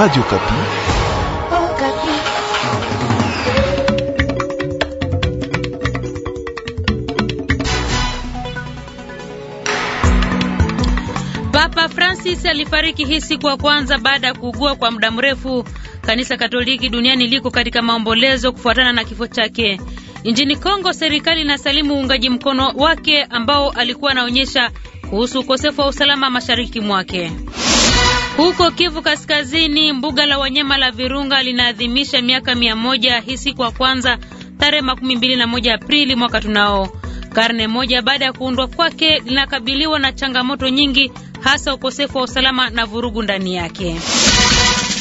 Radio Kapi. Oh, Kapi. Papa Francis alifariki hii siku ya kwanza baada ya kuugua kwa muda mrefu. Kanisa Katoliki duniani liko katika maombolezo kufuatana na kifo chake. Nchini Kongo, serikali inasalimu uungaji mkono wake ambao alikuwa anaonyesha kuhusu ukosefu wa usalama mashariki mwake. Huko Kivu Kaskazini, mbuga la wanyama la Virunga linaadhimisha miaka mia moja hii siku ya kwanza tarehe makumi mbili na moja Aprili mwaka tunao. Karne moja baada ya kuundwa kwake, linakabiliwa na changamoto nyingi, hasa ukosefu wa usalama na vurugu ndani yake.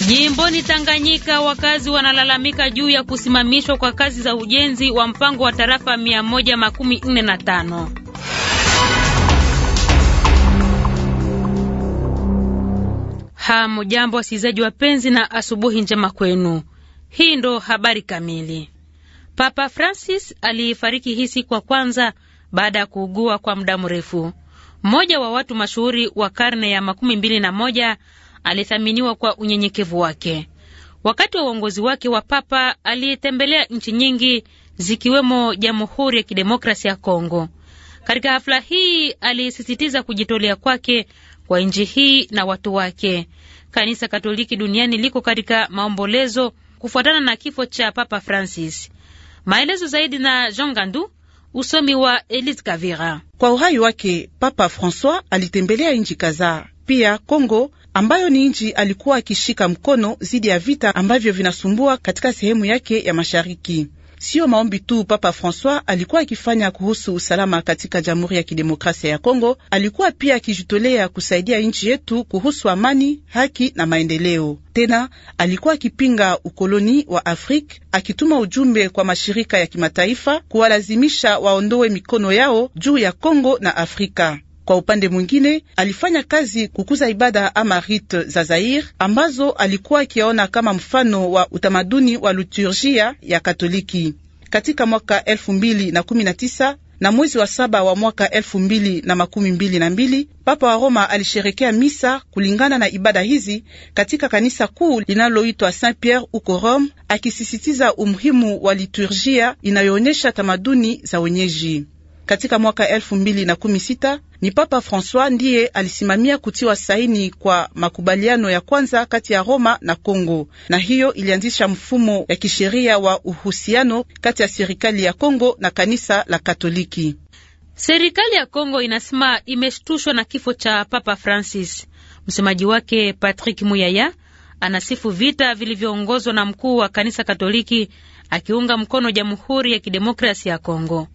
Jimboni Tanganyika, wakazi wanalalamika juu ya kusimamishwa kwa kazi za ujenzi wa mpango wa tarafa mia moja makumi nne na tano. Hamjambo wasikilizaji wapenzi, na asubuhi njema kwenu. Hii ndo habari kamili. Papa Francis alifariki hii siku ya kwanza baada ya kuugua kwa muda mrefu. Mmoja wa watu mashuhuri wa karne ya makumi mbili na moja alithaminiwa kwa unyenyekevu wake. Wakati wa uongozi wake wa papa aliitembelea nchi nyingi zikiwemo Jamhuri ya Kidemokrasia ya Kongo. Katika hafla hii alisisitiza kujitolea kwake kwa nchi hii na watu wake. Kanisa Katoliki duniani liko katika maombolezo kufuatana na kifo cha Papa Francis. Maelezo zaidi na Jean Gandu. Usomi wa Elise Kavira. Kwa uhai wake Papa Francois alitembelea nchi kadhaa, pia congo ambayo ni nchi alikuwa akishika mkono dhidi ya vita ambavyo vinasumbua katika sehemu yake ya mashariki sio maombi tu Papa Francois alikuwa akifanya kuhusu usalama katika Jamhuri ya Kidemokrasia ya Kongo, alikuwa pia akijitolea kusaidia nchi yetu kuhusu amani, haki na maendeleo. Tena alikuwa akipinga ukoloni wa Afrika, akituma ujumbe kwa mashirika ya kimataifa kuwalazimisha waondoe mikono yao juu ya Kongo na Afrika. Kwa upande mwingine, alifanya kazi kukuza ibada ama rite za Zaire ambazo alikuwa akiona kama mfano wa utamaduni wa liturjia ya Katoliki. Katika mwaka elfu mbili na kumi na tisa na mwezi wa saba wa mwaka elfu mbili na makumi mbili na mbili Papa wa Roma alisherekea misa kulingana na ibada hizi katika kanisa kuu linaloitwa Saint Pierre huko Rome, akisisitiza umuhimu wa liturjia inayoonyesha tamaduni za wenyeji katika mwaka elfu mbili na kumi sita ni Papa Francois ndiye alisimamia kutiwa saini kwa makubaliano ya kwanza kati ya Roma na Kongo, na hiyo ilianzisha mfumo ya kisheria wa uhusiano kati ya serikali ya Kongo na kanisa la Katoliki. Serikali ya Kongo inasema imeshtushwa na kifo cha Papa Francis. Msemaji wake Patrick Muyaya anasifu vita vilivyoongozwa na mkuu wa kanisa Katoliki akiunga mkono Jamhuri ya Kidemokrasia ya Kongo.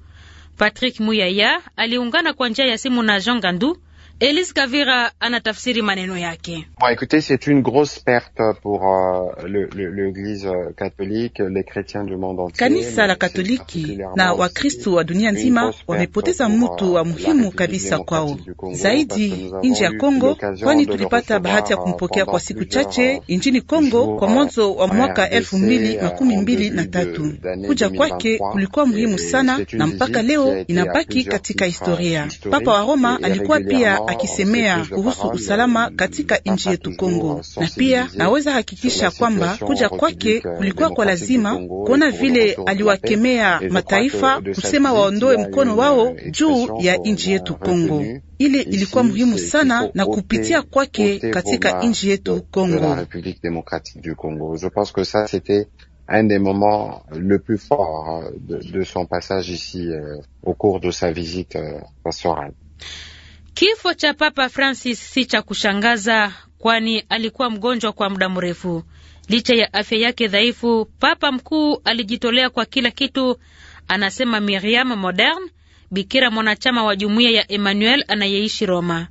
Patrick Muyaya aliungana kwa njia ya simu na Jean Gandu Elise Kavira anatafsiri maneno yake. Bon, écoutez, c'est une grosse perte pour uh, l'Eglise euh, catholique, les chrétiens du monde entier. Kanisa la Katoliki na Wakristo wa dunia nzima wamepoteza mtu euh, wa muhimu kabisa kwao, zaidi nje ya Kongo, kwani tulipata bahati ya kumpokea euh, kwa siku chache nchini Kongo kwa mwanzo wa mwaka elfu mbili makumi mbili na tatu. Kuja kwake kulikuwa muhimu sana na mpaka leo inabaki katika historia. Papa wa Roma alikuwa pia akisemea kuhusu usalama euh, katika nchi yetu Kongo, na pia naweza hakikisha kwamba kuja kwake euh, kulikuwa kwa lazima, kuona vile aliwakemea mataifa kusema waondoe mkono wao juu ya nchi yetu euh, Kongo. Ile ilikuwa muhimu sana na kupitia kwake katika nchi yetu Kongo. Un des moments le plus fort de, de son passage ici euh, au cours de sa visite euh, pastorale. Kifo cha Papa Francis si cha kushangaza, kwani alikuwa mgonjwa kwa muda mrefu. Licha ya afya yake dhaifu, papa mkuu alijitolea kwa kila kitu, anasema Miriam Modern, bikira mwanachama wa jumuiya ya Emmanuel anayeishi Roma.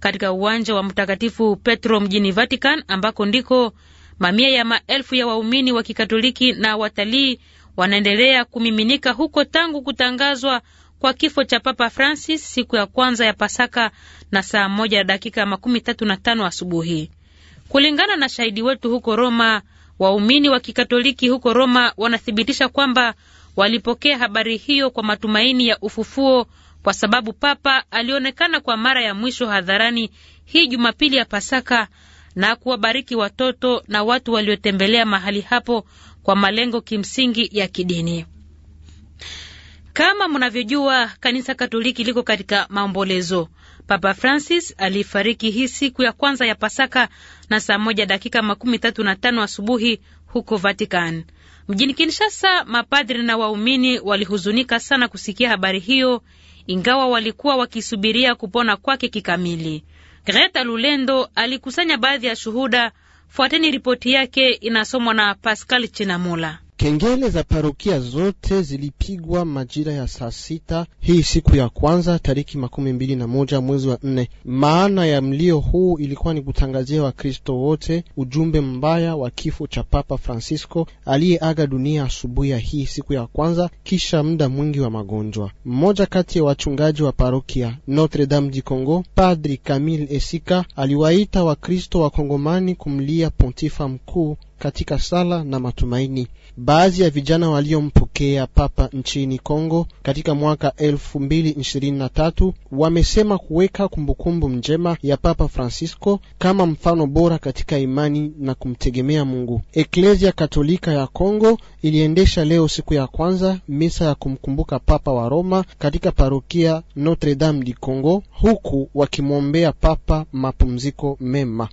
Katika uwanja wa Mtakatifu Petro mjini Vatican, ambako ndiko mamia ya maelfu ya waumini wa Kikatoliki na watalii wanaendelea kumiminika huko tangu kutangazwa kwa kifo cha Papa Francis siku ya kwanza ya Pasaka na saa moja dakika makumi tatu na tano asubuhi, kulingana na shahidi wetu huko Roma. Waumini wa Kikatoliki huko Roma wanathibitisha kwamba walipokea habari hiyo kwa matumaini ya ufufuo, kwa sababu Papa alionekana kwa mara ya mwisho hadharani hii Jumapili ya Pasaka na kuwabariki watoto na watu waliotembelea mahali hapo kwa malengo kimsingi ya kidini. Kama mnavyojua, kanisa Katoliki liko katika maombolezo. Papa Francis alifariki hii siku ya kwanza ya Pasaka na saa moja dakika makumi tatu na tano asubuhi huko Vatican mjini Kinshasa. Mapadri na waumini walihuzunika sana kusikia habari hiyo, ingawa walikuwa wakisubiria kupona kwake kikamili. Greta Lulendo alikusanya baadhi ya shuhuda. Fuateni ripoti yake, inasomwa na Pascal Chinamula. Kengele za parokia zote zilipigwa majira ya saa sita hii siku ya kwanza tariki makumi mbili na moja mwezi wa nne. Maana ya mlio huu ilikuwa ni kutangazia Wakristo wote ujumbe mbaya wa kifo cha Papa Francisco aliyeaga dunia asubuhi ya hii siku ya kwanza kisha muda mwingi wa magonjwa. Mmoja kati ya wachungaji wa parokia Notre Dame di Congo, Padri Camille Esika, aliwaita Wakristo Wakongomani kumlia pontifa mkuu katika sala na matumaini. Baadhi ya vijana waliompokea Papa nchini Kongo katika mwaka elfu wamesema kuweka kumbukumbu njema ya Papa Francisco kama mfano bora katika imani na kumtegemea Mungu. Eklezia Katolika ya Kongo iliendesha leo siku ya kwanza misa ya kumkumbuka Papa wa Roma katika parokia Notre Dame du Congo, huku wakimwombea Papa mapumziko mema.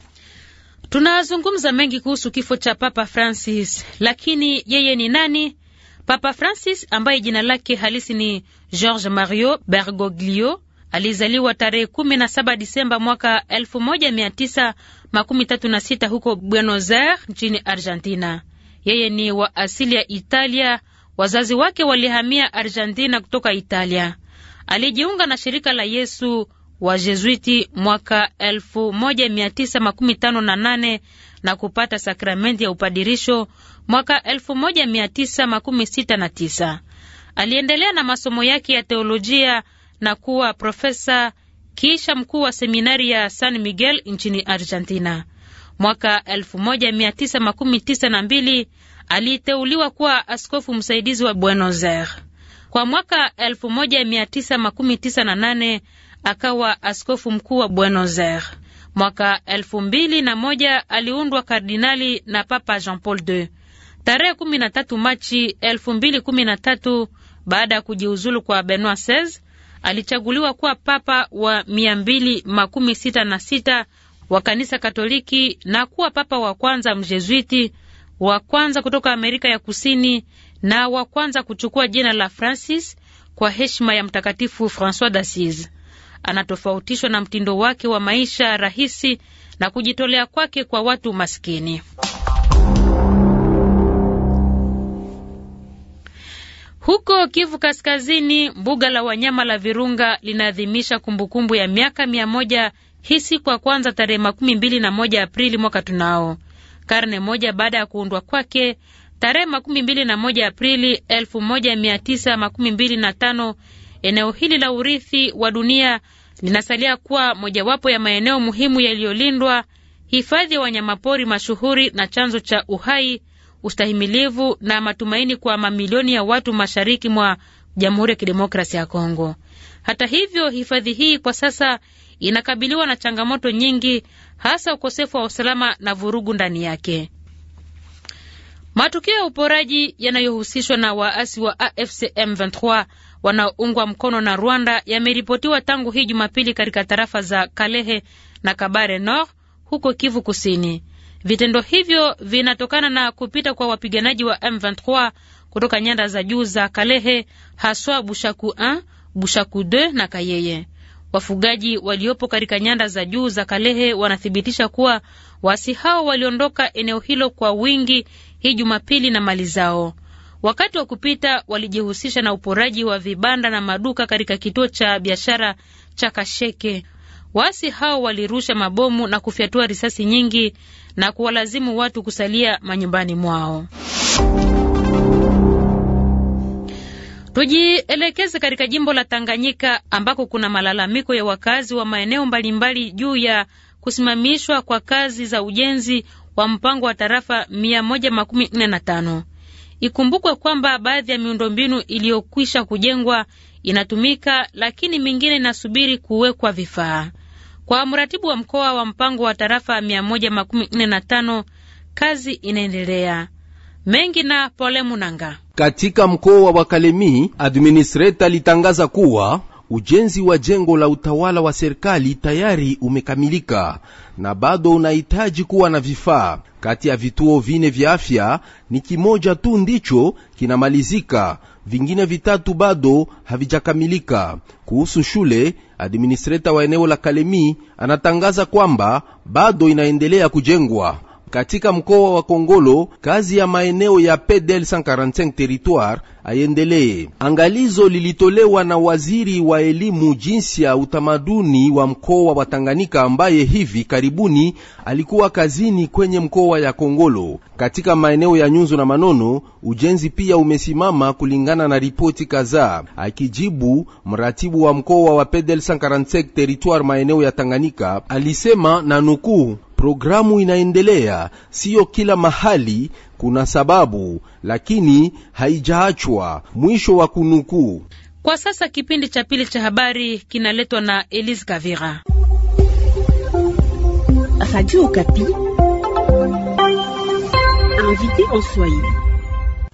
Tunazungumza mengi kuhusu kifo cha Papa Francis, lakini yeye ni nani? Papa Francis ambaye jina lake halisi ni George Mario Bergoglio alizaliwa tarehe 17 Disemba mwaka 1936 huko Buenos Aires nchini Argentina. Yeye ni wa asili ya Italia. Wazazi wake walihamia Argentina kutoka Italia. Alijiunga na shirika la Yesu Wajezuiti mwaka 1958 na kupata sakramenti ya upadirisho mwaka 1969. Aliendelea na masomo yake ya teolojia na kuwa profesa kisha mkuu wa seminari ya San Miguel nchini Argentina. Mwaka 1992 aliteuliwa kuwa askofu msaidizi wa Buenos Aires. Kwa mwaka 1998 akawa askofu mkuu wa Buenos Aires. Mwaka elfu mbili na moja aliundwa kardinali na Papa Jean Paul II. Tarehe kumi na tatu Machi elfu mbili kumi na tatu baada ya kujiuzulu kwa Benoit XVI alichaguliwa kuwa papa wa mia mbili makumi sita na sita wa kanisa Katoliki na kuwa papa wa kwanza mjezuiti wa kwanza kutoka Amerika ya Kusini na wa kwanza kuchukua jina la Francis kwa heshima ya Mtakatifu Francois d'Assise anatofautishwa na mtindo wake wa maisha rahisi na kujitolea kwake kwa watu maskini. Huko Kivu Kaskazini, mbuga la wanyama la Virunga linaadhimisha kumbukumbu ya miaka mia moja kwa siku kwanza tarehe makumi mbili na moja Aprili mwaka tunao, karne moja baada ya kuundwa kwake. Tarehe makumi mbili na moja Aprili elfu moja mia tisa makumi mbili na tano eneo hili la urithi wa dunia linasalia kuwa mojawapo ya maeneo muhimu yaliyolindwa, hifadhi ya wanyamapori mashuhuri na chanzo cha uhai, ustahimilivu na matumaini kwa mamilioni ya watu mashariki mwa Jamhuri ya Kidemokrasia ya Kongo. Hata hivyo, hifadhi hii kwa sasa inakabiliwa na changamoto nyingi, hasa ukosefu wa usalama na vurugu ndani yake. Matukio ya uporaji yanayohusishwa na waasi wa AFC M23 wanaoungwa mkono na Rwanda yameripotiwa tangu hii Jumapili katika tarafa za Kalehe na Kabare Nord huko Kivu Kusini. Vitendo hivyo vinatokana na kupita kwa wapiganaji wa M23 kutoka nyanda za juu za Kalehe, haswa Bushaku 1, Bushaku 2 na Kayeye. Wafugaji waliopo katika nyanda za juu za Kalehe wanathibitisha kuwa waasi hao waliondoka eneo hilo kwa wingi hii Jumapili na mali zao. Wakati wa kupita walijihusisha na uporaji wa vibanda na maduka katika kituo cha biashara cha Kasheke. Waasi hao walirusha mabomu na kufyatua risasi nyingi na kuwalazimu watu kusalia manyumbani mwao. Tujielekeze katika jimbo la Tanganyika ambako kuna malalamiko ya wakazi wa maeneo mbalimbali juu ya kusimamishwa kwa kazi za ujenzi wa mpango wa tarafa 145. Ikumbukwe kwamba baadhi ya miundombinu iliyokwisha kujengwa inatumika, lakini mingine inasubiri kuwekwa vifaa. Kwa mratibu wa mkoa wa mpango wa tarafa 145 kazi inaendelea mengi na Pole Munanga katika mkoa wa Kalemi. Administreta alitangaza kuwa Ujenzi wa jengo la utawala wa serikali tayari umekamilika na bado unahitaji kuwa na vifaa. Kati ya vituo vine vya afya ni kimoja tu ndicho kinamalizika, vingine vitatu bado havijakamilika. Kuhusu shule, administreta wa eneo la Kalemi anatangaza kwamba bado inaendelea kujengwa katika mkoa wa Kongolo, kazi ya maeneo ya PDL 145 territoire ayendeleye Angalizo lilitolewa na waziri wa elimu, jinsi ya utamaduni wa mkoa wa Tanganyika, ambaye hivi karibuni alikuwa kazini kwenye mkoa ya Kongolo katika maeneo ya Nyunzu na Manono. Ujenzi pia umesimama kulingana na ripoti kadhaa. Akijibu, mratibu wa mkoa wa PDL 145 territoire maeneo ya Tanganyika alisema na nukuu Programu inaendelea, siyo kila mahali kuna sababu, lakini haijaachwa. Mwisho wa kunukuu. Kwa sasa kipindi cha pili cha habari kinaletwa na Elise Kavira, Radio Okapi, invité en Swahili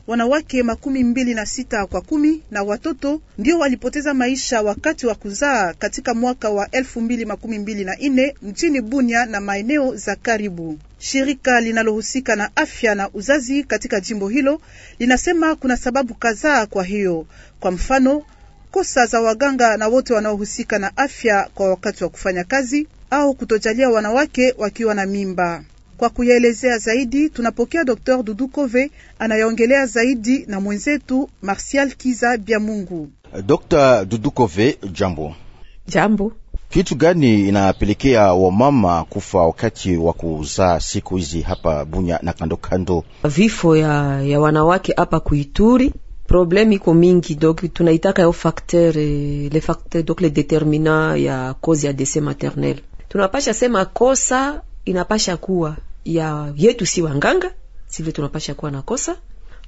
wanawake makumi mbili na sita kwa kumi na watoto ndio walipoteza maisha wakati wa kuzaa katika mwaka wa elfu mbili makumi mbili na nne mchini bunya na maeneo za karibu. Shirika linalohusika na afya na uzazi katika jimbo hilo linasema kuna sababu kadhaa kwa hiyo, kwa mfano kosa za waganga na wote wanaohusika na afya kwa wakati wa kufanya kazi au kutojalia wanawake wakiwa na mimba. Kwa kuyaelezea zaidi tunapokea Dr. Dudu Kove anayeongelea zaidi na mwenzetu Martial Kiza Byamungu. Dr. Dudu Kove, jambo. Jambo. Kitu gani inapelekea wamama kufa wakati wa kuzaa siku hizi hapa Bunya na kando kando? Vifo ya, ya wanawake hapa kuituri probleme iko mingi, donc tunaitaka yo facteur le facteur donc le determinant ya cause ya dese maternel. Tunapasha sema kosa inapasha kuwa ya yetu, si wanganga, sivyo? Tunapasha kuwa nakosa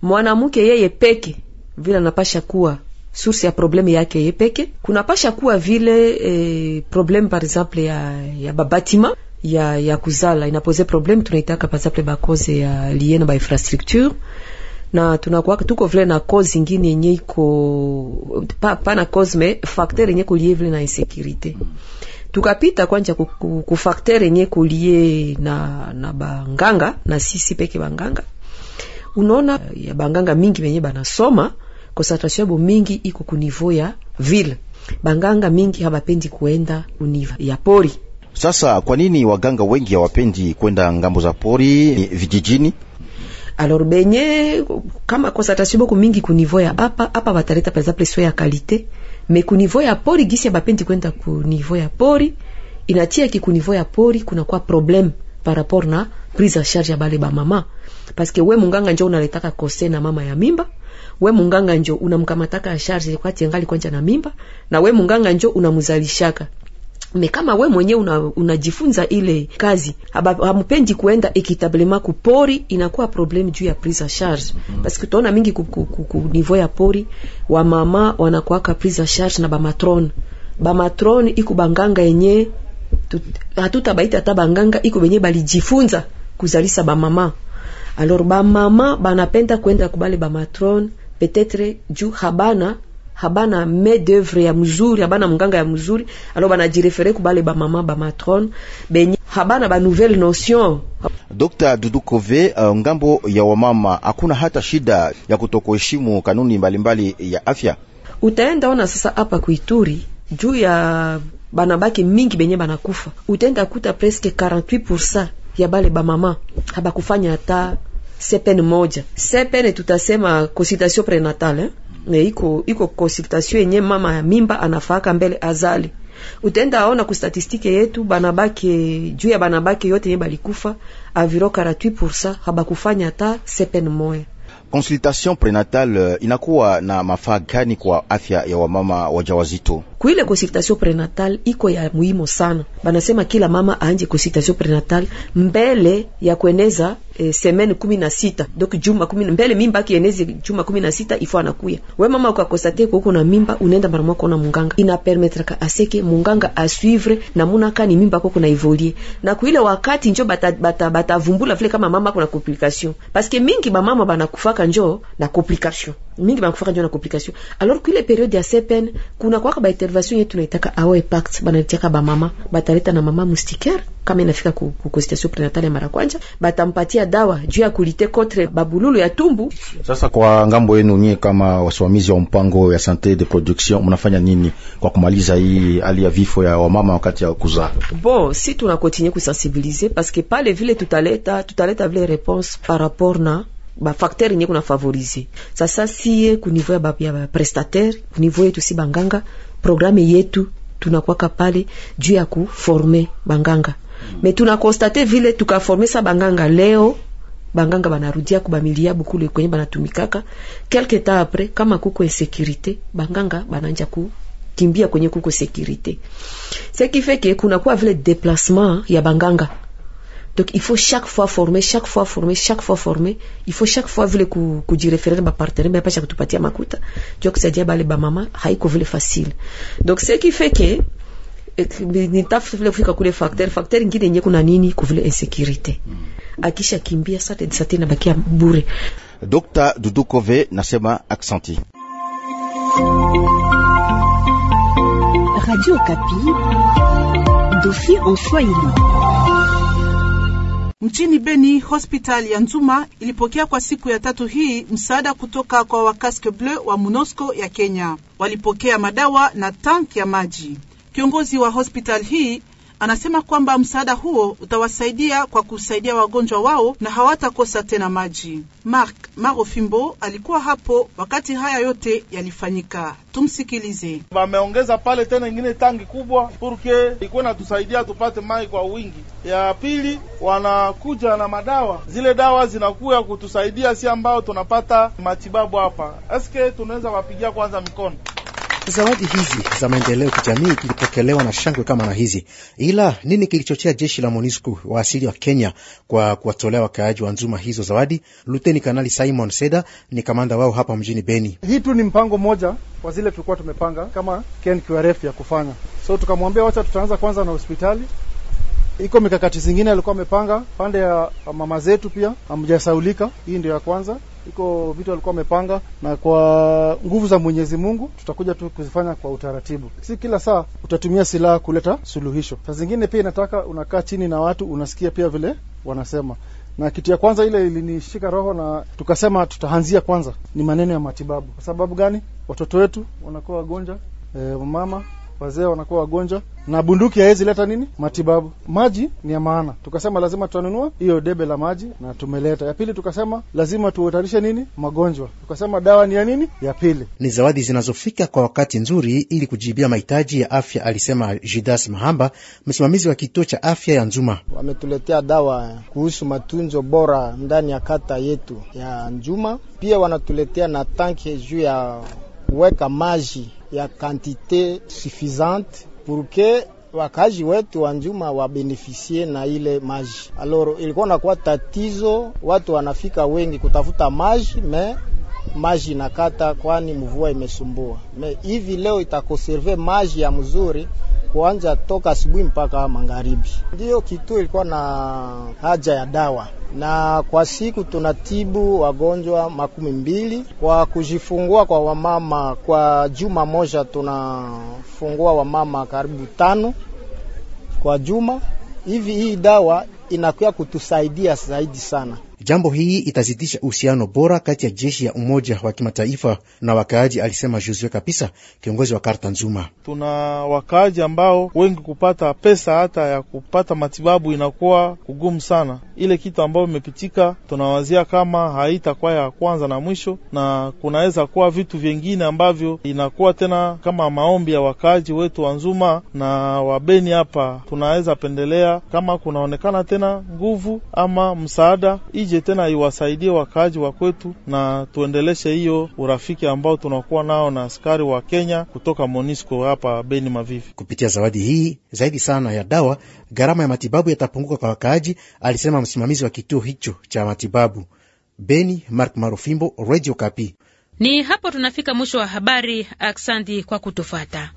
mwanamke yeye peke vile anapasha kuwa source ya probleme yake ye peke. Kunapasha kuwa vile eh, probleme par exemple ya, ya babatima ya, ya kuzala inapoze probleme, tunaitaka par exemple bakoze ya lie na infrastructure na tunakuwa tuko vile na cause ingine yenye iko pa, pa na cause me facteur yenye kolie vile na insécurité tukapita kwanja kufakter enye kolie na, na banganga na sisi peke banganga unaona eh, ya banganga mingi benye banasoma konsentrasio yabo mingi iko kunivou ya ville banganga mingi habapendi kuenda kuniva ya pori sasa kwa nini waganga wengi hawapendi kwenda ngambo za pori vijijini? alor benye kama konsentrasio boko mingi kunivou ya apa apa bataleta par exemple ya kalite niveau ya pori gisi ya bapendi kwenda niveau ya pori inatia ki niveau ya pori kwa problem par rapport na prise en charge ya bale bamama paske we munganga njo unaletaka kose na mama ya mimba we munganga njo unamkamataka charge kwa tiangali kwanja na mimba na we munganga njo unamuzalishaka me kama we mwenyewe una, unajifunza ile kazi hamupendi kuenda ekitablema kupori, inakuwa problem juu ya prise en charge mm -hmm. Paske tunaona mingi ku, ku, ku, ku niveau ya pori wamama wanakuaka prise en charge na bamatron bamatron, iku banganga yenye hatutabaita hata banganga, iku benye balijifunza kuzalisa bamama. Alor bamama banapenda kwenda kubale bamatron petetre juu habana habana main d'oeuvre ya mzuri, habana mganga ya mzuri, alors banajirefere kubale ba mama benye habana banouvelle nouvelle notion. Dr. dudukove uh, ngambo ya wamama hakuna hata shida ya kutokuheshimu kanuni mbalimbali mbali ya afya. Utaenda ona sasa hapa kuituri juu ya banabake mingi benye banakufa, utaenda kuta presque 48% ya bale ba habakufanya hata sepene moja. Sepene tutasema consultation prenatale eh? e, iko iko consultation yenye mama ya mimba anafaka mbele azali. utenda aona ku statistike yetu banabake juu ya banabake yote yenye balikufa aviro 48% habakufanya ta sepen moya. Konsultation prenatale euh, inakuwa na mafaa gani kwa afya ya wamama wajawazito? Kuile konsultation prenatale iko ya muhimu sana. Banasema kila mama aanje konsultation prenatale mbele ya kueneza e, eh, semene kumi na sita donc juma kumi mbele mimba akienezi juma kumi na sita ifo anakuya we mama ukakostate kuko na mimba unaenda mara mwako na munganga inapermetraka aseke munganga asuivre na munaka ni mimba koko na evoluer na kuile wakati njo batavumbula bata, bata, bata vile kama mama kuna complication parce que mingi bamama banakufaka njo na complication mingi banakufa juu na complication, alors que ile periode ya sepen kuna kwa ba intervention yetu tunaitaka awe pact banataka ba mama bataleta na mama mustikere kama inafika ku, ku consultation prenatale mara kwanja batampatia dawa juu ya kulite contre babululu ya tumbu. Sasa kwa ngambo yenu nyie kama wasimamizi wa mpango ya sante de production mnafanya nini kwa kumaliza hii hali ya vifo ya wamama wakati ya kuzaa? Bon, si tuna continue kusensibiliser parce que pale vile tutaleta tutaleta vile réponse par rapport na bafakter nye kuna favorise sasa, siye kunivo ya baprestater ba kunivo yetu si banganga, programe yetu tunakwaka pale juu ya kuforme banganga mm. Me tunakonstate vile tukaforme banganga leo banganga banarudia kubamiliabu kule kwenye banatumikaka quelque temps après, kama kuko insécurité banganga bananja ku kimbia kwenye kuko sécurité, ce qui fait que kuna vile déplacement ya banganga donc il faut chaque fois former chaque fois former chaque fois former il faut chaque fois vile ku, kujireferere bapartenere bapacha kutupatia makuta ndio kusaidia bale bamama haiko vile facile donc ce qui fait que ni kufika kule facteur facteur ingine yenyewe kuna nini kuvile insecurity mm. akisha kimbia sate na bakia bure Dr. Dudukove nasema accenti Radio Kapi dossier en Swahili Mchini Beni, hospitali ya Nzuma ilipokea kwa siku ya tatu hii msaada kutoka kwa wakaske bleu wa MONUSCO ya Kenya. Walipokea madawa na tanki ya maji. Kiongozi wa hospitali hii Anasema kwamba msaada huo utawasaidia kwa kusaidia wagonjwa wao na hawatakosa tena maji. Mark Marofimbo alikuwa hapo wakati haya yote yalifanyika. Tumsikilize. Wameongeza pale tena ingine tangi kubwa purke ikuwe natusaidia tupate mai kwa wingi. Ya pili, wanakuja na madawa, zile dawa zinakuya kutusaidia si ambao tunapata matibabu hapa. Eske tunaweza wapigia kwanza mikono Zawadi hizi za maendeleo kijamii ilipokelewa na shangwe kama na hizi. Ila nini kilichochea jeshi la MONUSCO wa asili wa Kenya kwa kuwatolea wakaaji wa Nzuma hizo zawadi? Luteni Kanali Simon Seda ni kamanda wao hapa mjini Beni. Hii tu ni mpango mmoja kwa zile tulikuwa tumepanga kama KNQRF ya kufanya, so tukamwambia wacha tutaanza kwanza na hospitali iko mikakati zingine alikuwa amepanga pande ya mama zetu pia hamjasaulika. Hii ndio ya kwanza iko vitu walikuwa wamepanga, na kwa nguvu za Mwenyezi Mungu tutakuja tu kuzifanya kwa utaratibu. Si kila saa utatumia silaha kuleta suluhisho. Saa zingine pia inataka unakaa chini na watu unasikia pia vile wanasema na kitu ya kwanza ile ilinishika roho na tukasema tutaanzia kwanza ni maneno ya matibabu. Kwa sababu gani? Watoto wetu wanakuwa wagonja e, eh, mama wazee wanakuwa wagonjwa, na bunduki haiwezi leta nini matibabu. Maji ni ya maana, tukasema lazima tutanunua hiyo debe la maji na tumeleta. Ya pili tukasema lazima tuhatarishe nini magonjwa, tukasema dawa ni ya nini. Ya pili ni zawadi zinazofika kwa wakati nzuri ili kujibia mahitaji ya afya, alisema Judas Mahamba, msimamizi wa kituo cha afya ya Nzuma. Wametuletea dawa kuhusu matunzo bora ndani ya kata yetu ya Njuma, pia wanatuletea na tanki juu ya kuweka maji ya kantite suffisante purke wakazi wetu wa Njuma wabenefisie na ile maji. Aloro ilikuwa nakuwa tatizo, watu wanafika wengi kutafuta maji me maji inakata, kwani mvua imesumbua me hivi. Leo itakoserve maji ya mzuri kuanza toka asubuhi mpaka magharibi. Ndiyo kituo ilikuwa na haja ya dawa, na kwa siku tunatibu wagonjwa makumi mbili. Kwa kujifungua kwa wamama, kwa juma moja tunafungua wamama karibu tano kwa juma hivi. Hii dawa inakuwa kutusaidia zaidi sana Jambo hii itazidisha uhusiano bora kati ya jeshi ya Umoja wa Kimataifa na wakaaji, alisema Josue Kapisa, kiongozi wa Karta Nzuma. Tuna wakaaji ambao wengi kupata pesa hata ya kupata matibabu inakuwa kugumu sana. Ile kitu ambayo imepitika, tunawazia kama haitakuwa ya kwanza na mwisho, na kunaweza kuwa vitu vyengine ambavyo inakuwa tena kama maombi ya wakaaji wetu wa Nzuma na wabeni hapa, tunaweza pendelea kama kunaonekana tena nguvu ama msaada ije ije tena iwasaidie wakaaji wa kwetu, na tuendeleshe hiyo urafiki ambao tunakuwa nao na askari wa Kenya kutoka MONUSCO hapa Beni Mavivi. Kupitia zawadi hii zaidi sana ya dawa, gharama ya matibabu yatapunguka kwa wakaaji, alisema msimamizi wa kituo hicho cha matibabu Beni, Mark Marufimbo, Radio Kapi. Ni hapo tunafika mwisho wa habari. Aksandi kwa kutufata.